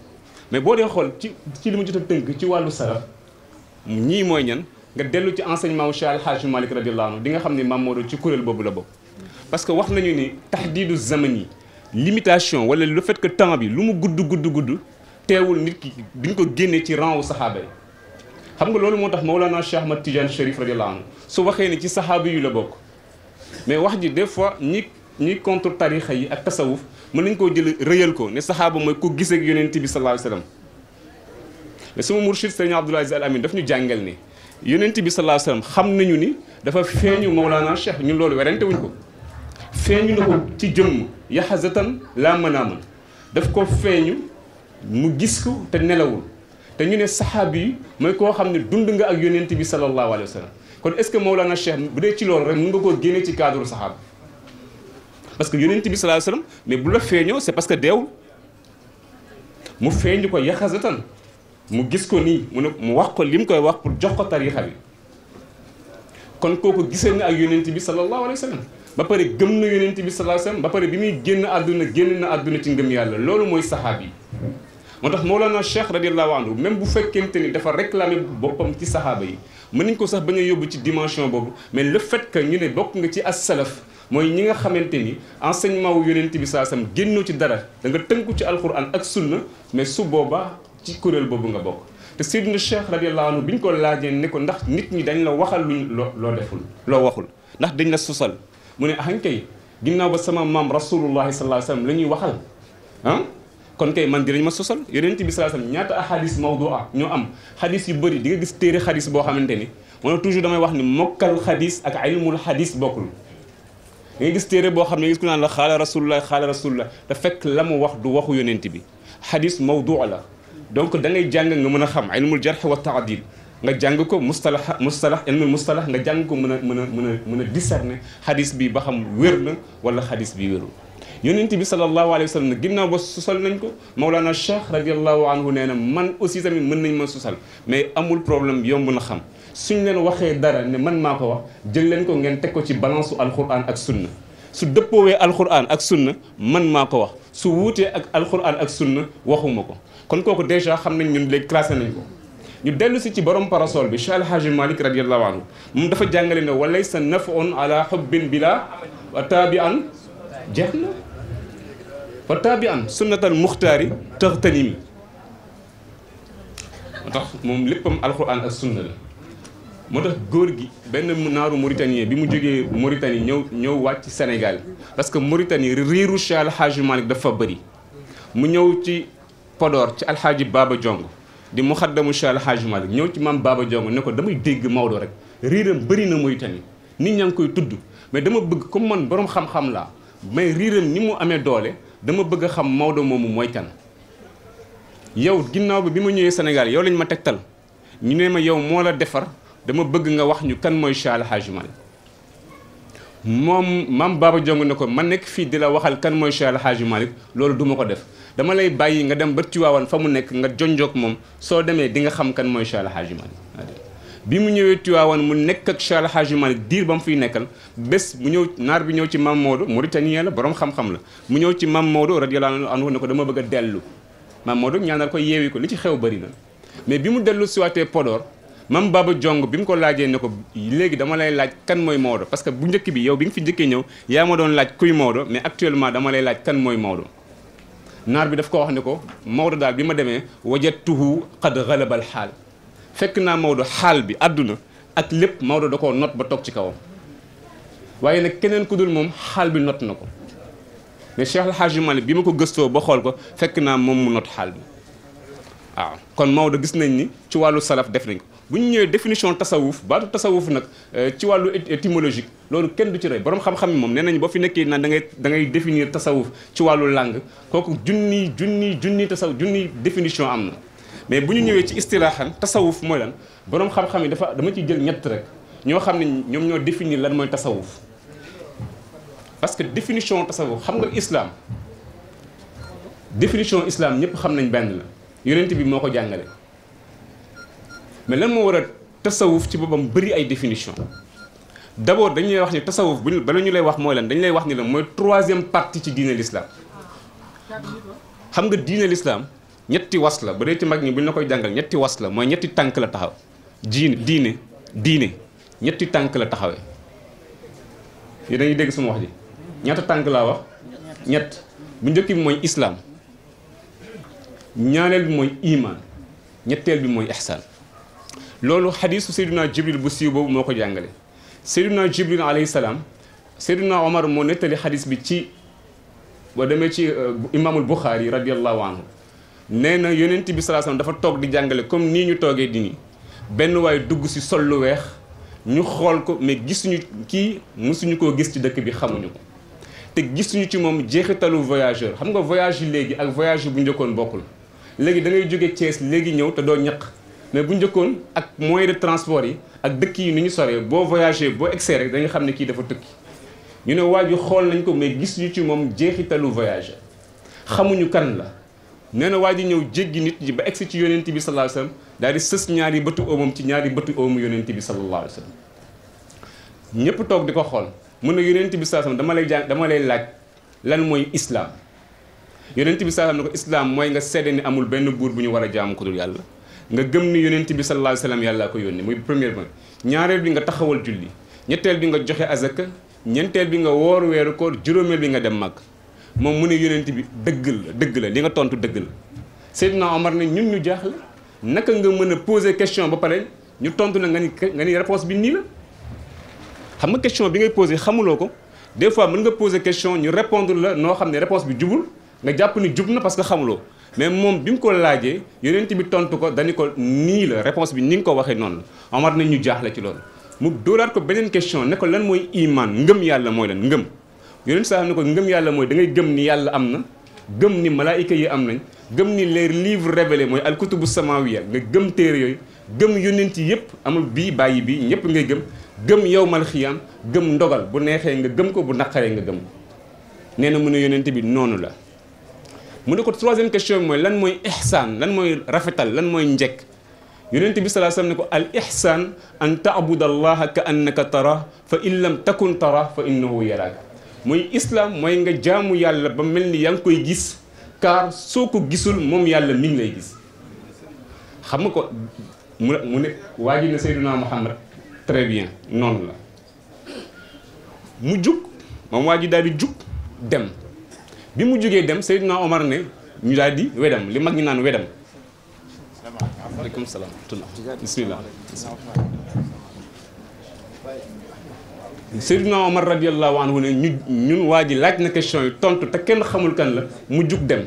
mais boo dee xool ci ci li ma jot a tënk ci wàllu saraf ñii mooy ñan nga dellu ci enseignement wu Cheikh Al Hadj Malick radiyallahu anhu di nga xam ne Maam Maodo ci kuréel boobu la bokk. parce que wax nañu ni tahdidu zaman yi limitation wala le fait que temps bi lu mu gudd gudd gudd teewul nit ki duñ ko génnee ci rang wu saxaaba yi xam nga loolu moo tax Mawlana Cheikh Ahmad Tidiane Chérif radiyallahu anhu su waxee ne ci saxaaba yu la bokk mais wax ji des fois ñi ñi contre tarixa yi ak tasawuf mën nañ koo jël rëyal ko ne saxaaba mooy ku gis ak yonent bi sallallahu alayhi wasallam mais sama murshid sëriñ Abdoul Aziz Al Amin daf ñu jàngal ne yonent bi sallallahu alayhi wasallam xam nañu ni dafa feeñu Mawlana Cheikh ñun loolu werante wuñ ko feeñu na ci jëmm yaxazatan laa manaaman daf ko feeñu mu gis ko te nelawul te ñu ne saxaabi yi mooy koo dund nga ak yonent bi sallallahu alayhi wasallam kon est ce que Mawlana Cheikh bu dee ci loolu rek mën nga koo génne ci cadre saxaaba parce que yonent bi sallallahu alayhi wasallam mais bu la feeñoo c'est parce que deewul mu feeñu ko yaxasatan mu gis ko nii mu ne mu wax ko li mu koy wax pour jox ko tariixa bi kon kooku gisee na ak yonent bi sallallahu alayhi wasallam ba pare gëm na yonent bi sallallahu alayhi wasallam ba pare bi muy génn àdduna génn na àdduna ci ngëm yàlla loolu mooy saxaab yi moo tax moo Mawlana Cheikh radiallahu anhu même bu fekkente ni dafa réclamé boppam ci saxaaba yi mën nañ ko sax bañ yóbbu ci dimension boobu mais le fait que ñu ne bokk nga ci as salaf moy ñi nga xamanteni enseignement wu yonent bi saasam gennu ci dara da nga tënku ci alxuraan ak sunna mais su boba ci kurel bobu nga bok te Seydina Cheikh radiyallahu anhu biñ ko laaje ne ko ndax nit ñi dañ la waxal lu lo deful lo waxul ndax dañ la susal mune han kay ginnaw ba sama mam rasulullah sallallahu alayhi wasallam lañuy waxal han kon kay man dinañ ma sosal yonent bi sallallahu alayhi wasallam ñaata ahadith mawdua ñu am hadith yu bari di nga gis téré hadith bo xamanteni ni man toujours damay wax ni mokkal xadis ak ilmul xadis bokkul da ngay gis téere boo xam ne gis ku naan la xaala rasulullah xaala rasulullah da fekk la mu wax du waxu yonent bi xadis mawdu la donc da ngay jàng nga mën a xam ilmul jarx wa taadil nga jàng ko mustalax mustalax ilmul mustalax nga jàng ko mën a mën a mën a mën a discerner xadis bi ba xam wér na wala xadis bi wérul yonent bi sallallahu alayhi wa sallam ne ginnaaw ba susal nañ ko Mawlana Cheikh radiallahu anhu nee na man aussi tamit mën nañ ma susal mais amul problème yomb na xam suñ leen waxee dara ne man maa ko wax jël leen ko ngeen teg ko ci balance su ak sunna su dëppoowee alxuraan ak sunna man maa ko wax su wuutee ak alxuraan ak sunna waxuma ko kon kooku dèjà xam nañ ñun léegi classé nañ ko ñu dellu si ci borom parasol bi Cheikh Alhaji malik radiallahu anhu moom dafa jàngale ne walay sa nafoon ala xubbin bila wa taabi an jeex na wa taabi an sunnatal muxtaari taxtanimi moo tax moom léppam alxuraan ak sunna la moo tax góor gi benn naaru mauritanien bi mu jógee Mauritanie ñëw ñëw wàcc Sénégal parce que Mauritanie riiru Cheikh Alhaaji Malick dafa bëri mu ñëw ci podoor ci Alhaaji Baba Jong di mu xaddamu Cheikh Alhaaji Malick ñëw ci maam Baba Jong ne ko damay dégg Maodo rek riiram bëri na Mauritanie nit ñaa koy tudd mais dama bëgg comme man boroom xam-xam laa mais riiram ni mu amee doole dama bëgg a xam Maodo moomu mooy kan yow ginnaaw bi bi ma ñëwee Sénégal yow lañ ma tegtal ñu ne ma yow moo la defar dama bëgg nga wax ñu kan mooy Cheikh Al Hadj moom maam Baba Jong ne ko ma nekk fii di la waxal kan mooy Cheikh Al loolu duma ko def dama lay bàyyi nga dem ba Tiwaawan fa mu nekk nga jonjoog moom soo demee di nga xam kan mooy Cheikh Al Hadj bi mu ñëwee Tiwaawan mu nekk ak Cheikh Al diir ba mu fiy nekkal bés mu ñëw naar bi ñëw ci maam Maodo Mauritanien la borom xam-xam la mu ñëw ci maam Maodo radiyallahu anhu ne ko dama bëgg a dellu maam Maodo ko yeewi ko li ci xew bëri na mais bi mu dellu siwaatee Podor mam Baba Jong bim ko laajee ne ko legui dama lay laaj kan moy Maodo parce que bu njëkk bi yow bi nga fi jëkke ñëw ya ma doon laaj kuy Maodo mais actuellement dama lay laaj kan moy Maodo nar bi daf ko wax ne ko Maodo dal bima démé demee wajadtuhu qad al hal fekk na Maodo hal bi aduna ak lépp Maodo dako note ba tok ci kawam waye nak keneen ku dul moom xaal bi note nako mais Cheikh al Hadji Malick bima ko gëstoo ba xol ko fekk na mom mu note hal bi waaw kon Maodo gis nañ ni ci walu salaf def nañ ko bu ñu ñëwee définition tasawuf baatu tasawuf nag euh, ci wàllu étymologique loolu kenn du ci rey borom xam-xam yi moom nee nañu boo fi nekkee naan da ngay da ngay définir tasawuf ci wàllu langue kooku junni junni junni tasawuf junni définition am na mais bu ñu ñëwee ci istilaaxan tasawuf mooy lan boroom xam-xam yi dafa dama ci jël ñett rek ñoo xam ne ñoom ñoo définir lan mooy tasawuf parce que définition tasawuf xam nga islam définition islam ñëpp xam nañ benn la yonent bi moo ko jàngale mais lan moo war a tasawuf ci boppam bëri ay définition d' abord dañu lay wax ni tasawuf bu bala ñu lay wax mooy lan dañu lay wax ni la mooy troisième parti ci diine l'islam xam nga diine l'islam ñetti was la ba dee ci mag ñi bu ñu la koy jàngal ñetti was la mooy ñetti tànk la taxaw diine diine diine ñetti tànk la taxawee yéen dañuy dégg sama wax ji ñaata tànk laa wax ñett bu njëkk bi mooy islam ñaareel bi mooy iman ñetteel bi mooy ihsaan loolu xadiisu Seydina Jibril bu siiw boobu moo ko jàngale Seydina Jibril alayhi salaam Seydina Omar moo nettali xadiis bi ci ba demee ci euh, imaamul Buxaari radiallahu anhu nee na yonent bi salaa salaam dafa toog di jàngale comme nii ñu toogee di benn waay dugg si sol lu weex ñu xool ko mais gisuñu kii mësuñu koo gis ci dëkk bi xamuñu ko te gisuñu ci moom jeexitalu voyageur xam nga voyage yi léegi ak voyage bu njëkkoon bokkul léegi da ngay jóge Thiès léegi ñëw te doo ñaq mais bu njëkkoon ak moyen de transport yi ak dëkk yi ni ñu soree boo voyagé boo egsee rek dañu xam ne kii dafa tukki ñu ne waa ji xool nañ ko mais gisuñu ci moom jeexitalu voyage xamuñu kan la nee na waa ji ñëw jéggi nit ñi ba egsi ci yonent bi sa alayhi wasallam daal di sës ñaari bëtu oomam ci ñaari bëtu oomu yonent bi sallallahu alayhi wasallam ñëpp toog di ko xool mun ne yonent bi sallallahu dama lay jàng dama lay laaj lan mooy islam yonent bi sallallahu alayhi ko islaam mooy nga seede ni amul benn buur bu ñu war a jaamu ko dul yàlla nga gëm ni yonent bi sallallahu la wa yàllaa ko yónni muy première ba ñaareel bi nga taxawal julli ñetteel bi nga joxe azaka ñeenteel bi nga woor weeru ko juróomeel bi nga dem mag moom mu ne yonent bi dëgg la dëgg la li nga tontu dëgg la Seydina Omar ne ñun ñu jaaxle naka nga mën a poser question ba pare ñu tontu na nga ni nga ni réponse bi nii la xam nga question bi ngay poser xamuloo ko des fois mën nga poser question ñu répondre la noo xam ne bi jubul nga jàpp ni jub na parce que xamuloo mais moom bi mu ko laajee yonent bi tontu ko dañu ko nii la réponse bi ni nga ko waxee noonu la Omar nañ ñu jaaxle ci loolu mu dóoraat ko beneen question ne ko lan mooy iman ngëm yàlla mooy lan ngëm yonent saa ne ko ngëm yàlla mooy da ngay gëm ni yàlla am na gëm ni malaayika yi am nañ gëm ni les livre révélés mooy alkutubu samawiya nga gëm téere yooyu gëm yonent yi yëpp amul bii bàyyi bii ñëpp ngay gëm gëm yowmal xiyaam gëm ndogal bu neexee nga gëm ko bu naqaree nga gëm ko nee na mu ne yonent bi noonu la mu ne ko troisième question moy lan moy ihsan lan moy rafetal lan moy ndiek yonent bi salaa sallam ne ko al ihsan an ta'budu allaha ka annaka tara fa in lam takun tara fa innahu yarak moy islam moy nga jamu yàlla ba melni yang koy gis car soko gisul mom yàlla mi lay gis xam ko mu mu ne waa ji ne Muhammad très bien non la mu juk mom waji ji daal di jug dem bi mu jógee dem Seydina Omar ne ñu daal di wedam li mag ñu naan wedam aleykum salaam bismillah Seydina Omar radiallahu anhu ne ñu ñun waa ji laaj na question yi tontu te kenn xamul kan la mu jug dem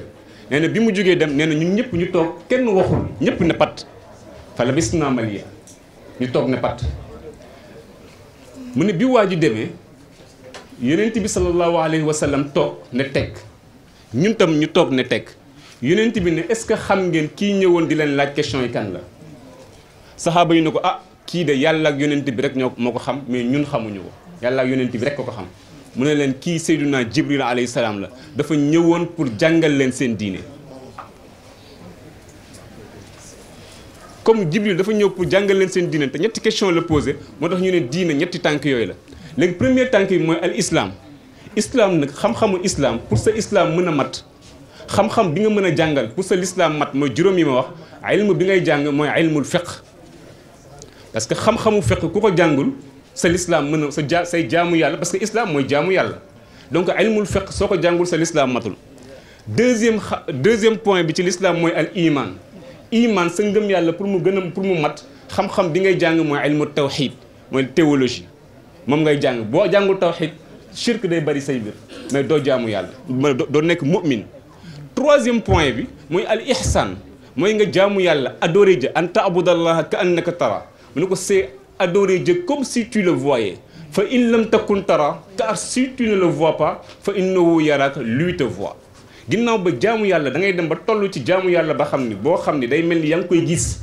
nee na bi mu jugee dem nee na ñu ñëpp ñu toog kenn waxul ñépp ne pat fa la bis naa maliya ñu toog ne pat mu ne bi waa ji demee yonent bi sallallahu alayhi wa sallam toog ne tekk ñun tam ñu toog ne teg yonent bi ne est-ce que xam ngeen kii ñëwoon di leen laaj question yi kan la saxaaba yi ne ko ah kii de yàlla ak yonent bi rek ñoo moo ko xam mais ñun xamuñu ko yàlla ak yonent bi rek ko ko xam mu ne leen kii naa Jibril alayhi salaam la dafa ñëwoon pour jàngal leen seen diine comme Jibril dafa ñëw pour jàngal leen seen diine te ñetti question la posé moo tax ñu ne diine ñetti tànk yooyu la léegi premier tànk yi mooy al islaam islam nag xam-xamu islam pour sa islaam mën a mat xam-xam bi nga mën a jàngal pour sa l'islam mat mooy juróom yi ma wax ilmu bi ngay jàng mooy ilmul fiqh parce que xam-xamu ku ko jàngul sa mën a sa ja say jaamu yàlla parce que islam mooy jaamu yàlla donc ilmul fiqh soo ko jàngul sa l'islam matul deuxième deuxième point bi ci lislaam mooy al iman iman sa ngëm yàlla pour mu gën pour mu mat xam-xam bi ngay jàng mooy ilmu tawxid mooy théologie moom ngay jàng boo jàngul tawxid shirk day bari say mais do jamu yalla do nek mu'min troisième point bi moy al ihsan moy nga jamu yalla adorer je anta abudallah ka annaka tara mu ne c'est adorer je comme si tu le voyais fa in lam takun tara car si tu ne le vois pas fa innahu yarak lui te voit ginnaw ba jamu yalla da ngay dem ba tollu ci jamu yalla ba xamni bo xamni day melni yang koy gis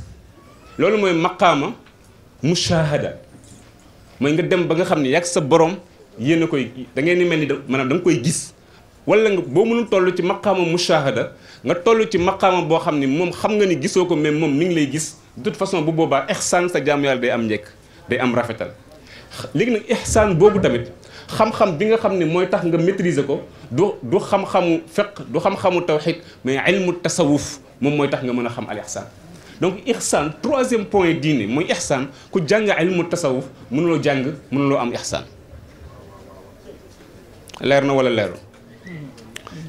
lolou moy maqama mushahada moy nga dem ba nga xamni yak sa borom yéen a koy da ngeen di mel ni da maanaam da nga koy gis wala nga boo mënul toll ci maqaama mushahada nga toll ci maqaama boo xam ni moom xam nga ni gisoo ko mais moom mi ngi lay gis de toute façon bu boobaa ihsaan sa jaamu yàlla day am njekk day am rafetal léegi nag ihsaan boobu tamit xam-xam bi nga xam ne mooy tax nga maîtriser ko du du xam-xamu fiqh du xam-xamu tawxid mais ilmu tasawuf moom mooy tax nga mën a xam al ihsaan donc ihsaan troisième point diine mooy ihsaan ku jàng ilmu tasawuf mënuloo jàng mënuloo am ihsaan leer na wala leerul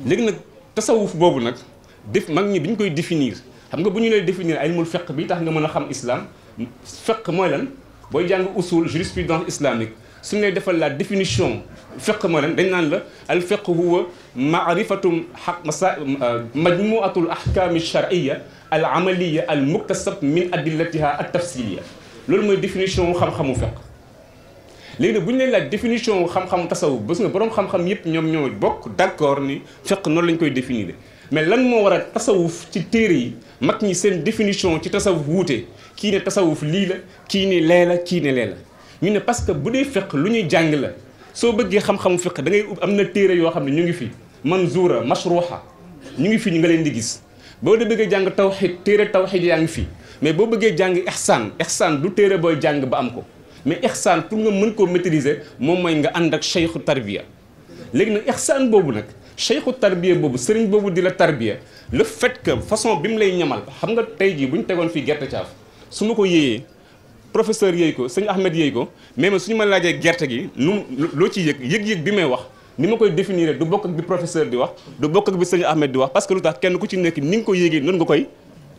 léegi nag tasawuf boobu nag def mag ñi bi ñu koy définir xam nga bu ñu lay définir ay ilmul fiq bi tax nga mën a xam islam fiq mooy lan booy jàng usul jurisprudence islamique suñu lay defal la définition fiq mooy lan dañ naan la al fiq huwa maarifatu masa majmuatu l ahkam lcharia al amaliya al muktasab min adillatiha al tafsilia loolu mooy définition xam-xamu fiq léegi nag bu ñu leen laaj définition wu xam-xamu tasawuf bés nga borom xam-xam yëpp ñoom ñoo bokk d'accord ni fiq noonu lañ koy définir mais lan moo war a tasawuf ci téere yi mag ñi seen définition ci tasawuf wuute kii ne tasawuf lii la kii ne lee la kii ne lee la ñu ne parce que bu dee fiq lu ñuy jàng la soo bëggee xam-xamu fiq da ngay am na téere yoo xam ne ñu ngi fi manzuura mashruha ñu ngi fi ñu nga leen di gis boo dee bëggee jàng tawxid téere tawxid yaa ngi fi mais boo bëggee jàng ihsaan ihsaan du téere booy jàng ba am ko mais ixsaan pour nga mën koo maîtriser moom mooy nga ànd ak cheikhu tarbiya léegi nag ixsaan boobu nag cheikhu tarbiya boobu sëriñ boobu di la tarbiya le fait façon bi mu lay ñamal xam nga tey jii bu ñu tegoon fii gerte caaf su ma ko yéeyee professeur yéey ko sëñ Ahmed yéey ko mais man suñu ma laajee gerte gi lu loo ci yëg yëg-yëg bi may wax ni ma koy définir du bokk ak bi professeur di wax du bokk ak bi sëñ Ahmed di wax parce lu tax kenn ku ci nekk ni nga ko yéegee noonu nga koy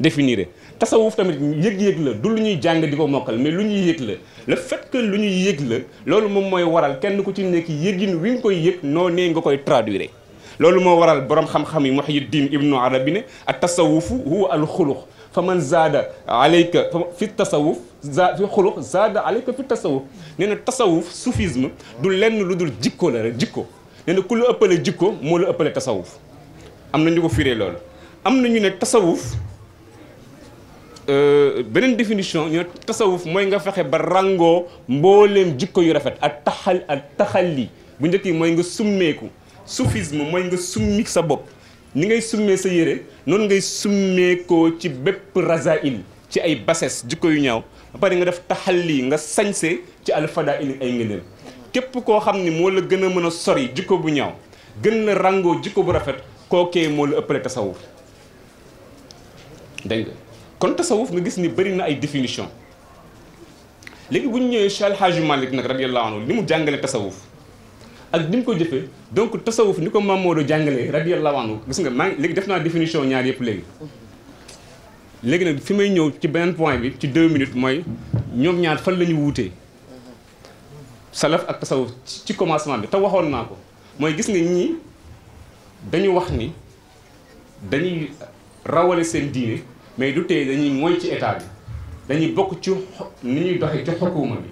définir tasawuf tamit yëg-yëg la du lu jàng di ko mokkal mais lu yëg la le fait que lu ñuy yëg la loolu moom mooy waral kenn ku ci nekk yëgin wi nga koy yëg noo nee nga koy traduire loolu moo waral borom xam-xam yi Muhyiddin Ibnu Arabi ne ak tasawufu huwa al xulux faman zada zaada alayka fi tasawuf za fi xulux zaada alayka fi tasawuf nee tasawuf soufisme du lenn lu dul jikko la rek jikko nee na ku jikko moo la ëppale tasawuf am na ñu ko firee loolu am ñu ne tasawuf Euh, beneen définition ñu tasawuf mooy nga fexe ba ràngoo mbooleem jikko yu rafet ak taxal ak taxalli bu njëkk yi mooy nga summeeku soufisme mooy nga summik sa bopp ni ngay summee sa yére noonu ngay summeekoo ci bépp rasail ci ay bassesse jikko yu ñaaw ba pare nga def taxal lii nga sañse ci alfadaa ili ay ngëneel képp koo xam ni moo la gën a mën a sori jikko bu ñaaw gën la ràngoo jikko bu rafet kookee moo la ëppale tasawuf kon tasawuf nga gis ni bëri na ay définition léegi bu ñu ñëwee Cheikh El Hadji Malick nag radiyallahu anhu ni mu jàngale tasawuf ak ni mu ko jëfee donc tasawuf ni ko Mamadou jàngalee radiyallahu anhu gis nga maa ngi léegi def naa définition ñaar yëpp léegi léegi nag fi may ñëw ci beneen point bi ci deux minutes mooy ñoom ñaar fan la ñu wuutee salaf ak tasawuf ci commencement bi te waxoon naa ko mooy gis nga ñii dañu wax ni dañuy rawale seen diine mais du tey dañuy mooy ci état bi dañuy bokk ci ni ñuy doxee ci xokuma bi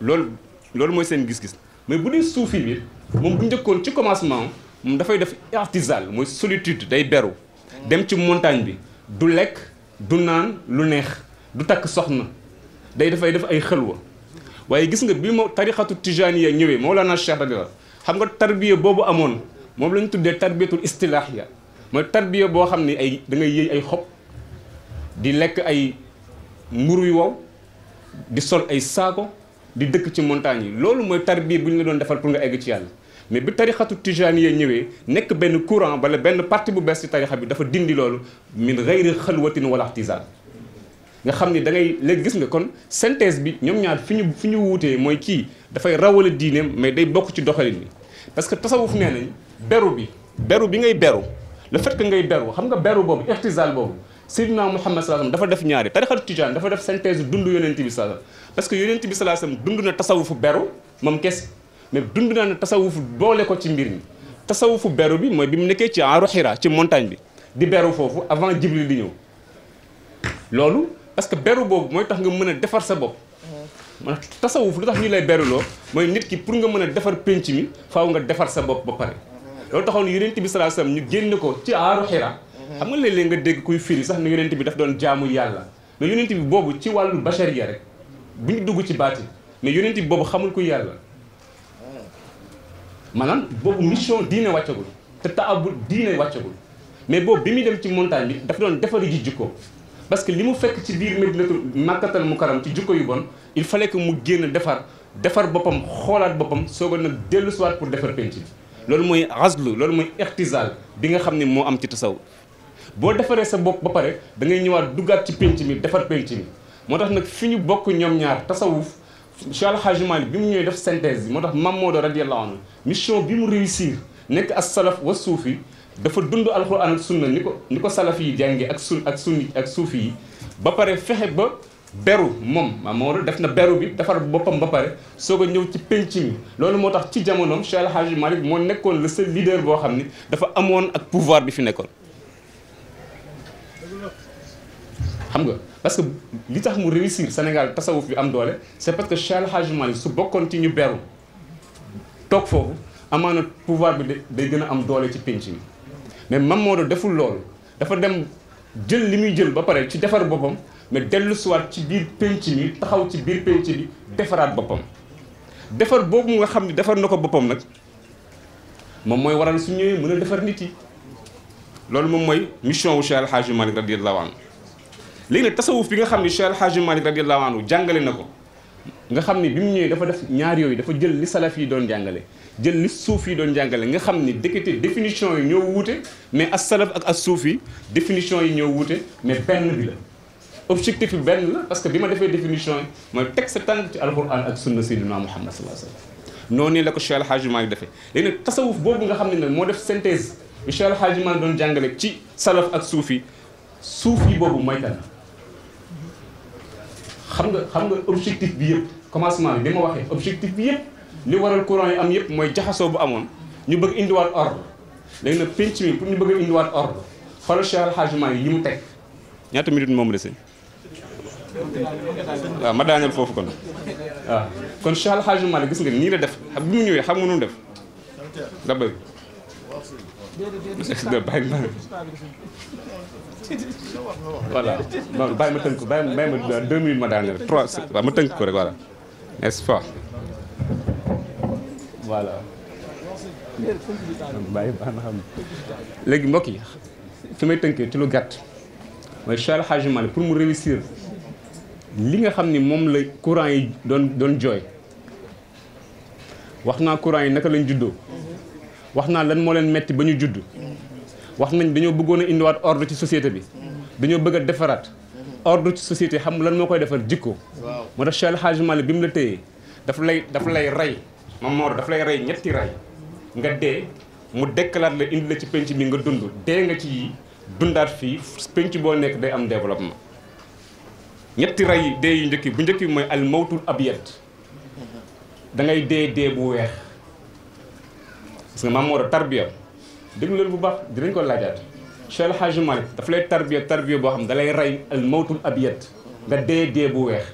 loolu loolu mooy seen gis-gis mais bu dee suufi bi moom bu njëkkoon ci commencement moom dafay def artisal mooy solitude day beru dem ci montagne bi du lekk du naan lu neex du takk soxna day dafay def ay xëlwa waaye gis nga bi ma tarixatu tijaaniya ñëwee naa Cheikh radiyallahu xam nga tarbiya boobu amoon moom la ñu tuddee tarbiyatul istilaahiya mooy tarbiya boo xam ni ay da ngay yëy ay xob di lekk ay mburu yu wow di sol ay saako di dëkk ci montagne yi loolu mooy tarbiya bu ñu la doon defal pour nga egg ci yàlla mais bi tarixatu tijaaniya ñëwee nekk benn courant wala benn parti bu bees ci tarixa bi dafa dindi loolu min gayri xalwatin wala ihtizaal nga xam ni da ngay léegi gis nga kon synthèse bi ñoom ñaar fi ñu fi ñu wuutee mooy kii dafay rawale diineem mais day bokk ci doxalin bi parce que fu nee nañ beru bi beru bi ngay ber le fait que ngay beru beru boobu ihtizaal boobu Seydina Muhammad sallallahu alayhi wasallam dafa def ñaari tarixatu tijaan dafa def synthèse dund yonent bi sallallahu parce que yonent bi sallallahu alayhi wasallam dund na tasawufu beru moom kes mais dund naa ne tasawufu boole ko ci mbir mi tasawufu beru bi mooy bi mu nekkee ci aaru Hira ci montagne bi di beru foofu avant Jibril di ñëw loolu parce que beru boobu mooy tax nga mën a defar sa bopp man tasawuf lu tax ñu lay beruloo mooy nit ki pour nga mën a defar pénc mi faaw nga defar sa bopp ba pare loolu taxoon yonent bi sallallahu alayhi wasallam ñu génn ko ci aaru Hira xam nga léeg-léeg nga dégg kuy firi sax ne yonent bi daf doon jaamu yàlla mais yonent bi boobu ci wàllu bachariya rek bu ñu dugg ci baati mais yonent bi boobu xamul ku yàlla maanaam boobu mission diine wàccagul te taabul diine wàccagul mais boobu bi mu dem ci montagne bi daf doon defari ji jikko parce que li mu fekk ci biir Medinatu mu karam ci jikko yu bon il fa que mu génn defar defar boppam xoolaat boppam soog a nag dellu siwaat pour defar penc bi loolu mooy xaslu loolu mooy ixtisaal bi xam ne moo am ci tasaw boo defaree sa bopp ba pare dangay ñëwaat duggaat ci penc mi defar penc mi moo tax nag fi ñu bokk ñoom ñaar tasawuf Cheikh Al bi mu ñëwee def synthèse bi moo tax Mame Maodo radiyallahu anhu mission bi mu réussir nekk as salaf wa suufi dafa dund alxuraan ak sunna ni ko ni ko salaf yi jànge ak su ak su ak suufi yi ba pare fexe ba beru moom Mame Maodo def na beru bi defar boppam ba pare soog a ñëw ci penc mi loolu moo tax ci jamonoom Cheikh Al Hadj Malick moo nekkoon la seul boo xam ni dafa amoon ak pouvoir bi fi nekkoon xam nga parce que li tax mu réussir Sénégal tasawuf bi am doole c'est parce que Cheikh El Hadj Malick su bokkoon ci ñu beru toog foofu amaana pouvoir bi day gën am doole ci pénc mi mais Mamadou deful loolu dafa dem jël li muy jël ba paré ci défar bopam mais dellu siwaat ci biir pénc ni taxaw ci biir pénc ni défarat bopam défar boobu nga xamni défar nako bopam nak boppam moy waral su ñëwee mëna défar nit yi loolu moom moy mission wu Cheikh Al Hadj Malick radiyallahu anhu léegi nag tasawuf bi nga xam ni Cheikh Alhaaji Malick radiyallahu anhu jàngale na ko nga xam ni bi mu ñëwee dafa def ñaar yooyu dafa jël li salaf yi doon jàngale jël li suuf doon jàngale nga xam ni définition yi ñoo wuté mais as salaf ak as suuf définition yi ñoo wuté mais benn bi la objectif bi benn la parce que bima défé définition moy texte teg tànk ci alquran ak sunna sayyidina Muhammad sallallahu alayhi wasallam noni la ko Cheikh Alhaaji Malick défé léegi tasawuf bobu nga xam ne nag def synthèse Cheikh Alhaaji Malick doon jàngale ci salaf ak soufi soufi bobu moy tan xam nga xam nga objectif bi yëpp commencement bi bi ma waxee objectif bi yëpp li waral courant yi am yëpp mooy jaxasoo bu amoon ñu bëgg indiwaat ordre léegi nag penc mi pour ñu bëgg indiwaat ordre xoolal Cheikh Al Hadj Malick yi mu teg ñaata minute moom dese waaw ma daaneel foofu kon waaw kon Cheikh Al Hadj Malick gis nga nii la def bi mu ñëwee xam nga nu def dabay
bàyyi voilà bon bàyyi ma ko bàyyi ma euh,
deux minutes ma daaneel trois waaw ma tënk ko rek voilà léegi mbokk yi fi may tënkee ci lu gàtt mooy Cheikh Hadji pour mu réussir li nga xam ni moom la courant yi doon doon jooy wax naa courant yi naka lañ juddoo wax naa lan moo leen metti ba ñu judd wax nañ dañoo bëggoon a indiwaat ordre ci société bi dañoo bëgg a defaraat ordre ci société xam lan moo koy defar jikko moo tax Cheikh El Hadj bi mu la téyee daf lay daf lay rey mam moor daf lay rey ñetti rey nga dee mu dekkalaat la indi la ci penc bi nga dund dee nga ci yi dundaat fii penc boo nekk day am développement ñetti rey yi dee yu njëkk bu njëkk bi mooy al mawtul abiyat da ngay dee dee bu weex parce que mam a tarbiya déglu leen bu baax dinañ ko laajaat Cheikh El Hadj daf lay tarbiya tarbiya boo xam da lay rey al mawtul abiyat nga dee dé bu weex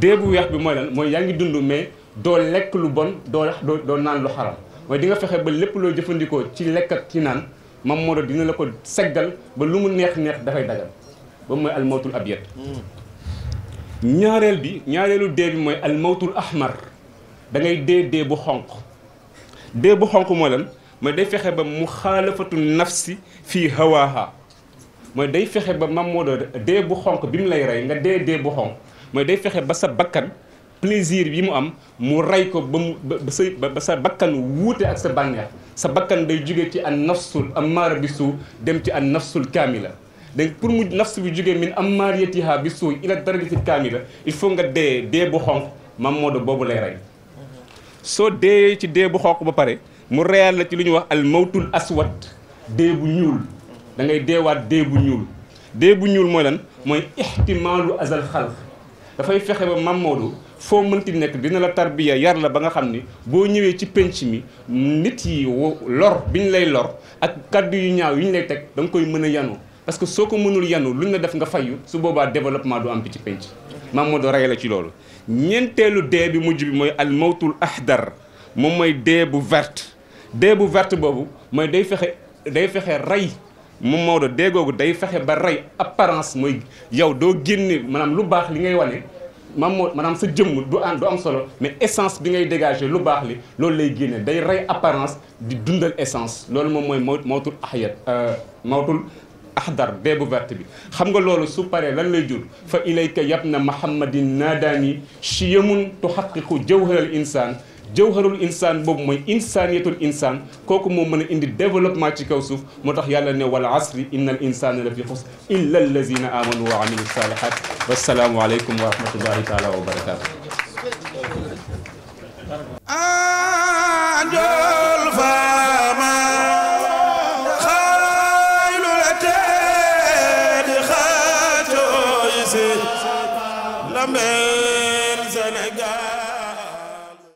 dee bu weex bi mooy lan mooy yaa ngi dund mais doo lekk lu bon doo doo naan lu xaram mooy di nga fexe ba lépp loo jëfandikoo ci lekk ak ci naan mam Maodo dina la ko seggal ba lu mu neex neex dafay dagal ba mooy al mawtul abiyat ñaareel bi ñaareelu dee bi mooy al mawtul ahmar da ngay dé dee bu xonq dee bu xonq mooy lan mooy day fexe ba mu xaalafatu nafsi fii hawaaha mooy day fexe ba mam moo doo dee bu xonq bi mu lay rey nga dee dee bu xonq mooy day fexe ba sa bakkan plaisir bi mu am mu rey ko ba mu ba sa ba sa bakkan wuute ak sa sa bakkan day jóge ci an nafsul ammaara bi suu dem ci an nafsul kaamila donc pour mu nafs bi jógee min bi suu ila darajatil kaamila il faut nga dee dee bu xonq mam moo doo boobu lay rey mm-hmm. soo dee ci dee bu xonq ba pare mu reyal la ci li ñuy wax al mawtul aswat dee bu ñuul da ngay deewaat dee bu ñuul dee bu ñuul mooy lan mooy ixtimaalu azal xalq dafay fexe ba Mame Maodo foo mënti nekk dina la tarbiya yar la ba nga xam ni boo ñëwee ci penc mi nit yi lor bi ñu lay lor ak kaddu yu ñaaw yu ñu lay teg da nga koy mën a yanu parce que soo ko mënul yanu lu ñu la def nga fayu su boobaa développement du am bi ci penc Mame Maodo la ci loolu ñeenteelu dee bi mujj bi mooy al mawtul ahdar moom mooy dee bu verte dee bu verte bobu moy day fexé day fexé ray day ba apparence yow lu bax li ngay manam sa du du am mais essence bi ngay dégager lu bax li lolou lay génné day apparence di dundal essence lolou mo moy mawt ahyat euh mawtul ahdar verte bi xam nga su lan lay fa ilayka insan جوهر الانسان بوب موي انسانيه الانسان كوكو مو من اندي ديفلوبمون تي كاو سوف موتاخ يالا نيو ولا عصر ان الانسان لفي خسر الا الذين امنوا وعملوا الصالحات والسلام عليكم ورحمه الله تعالى وبركاته آه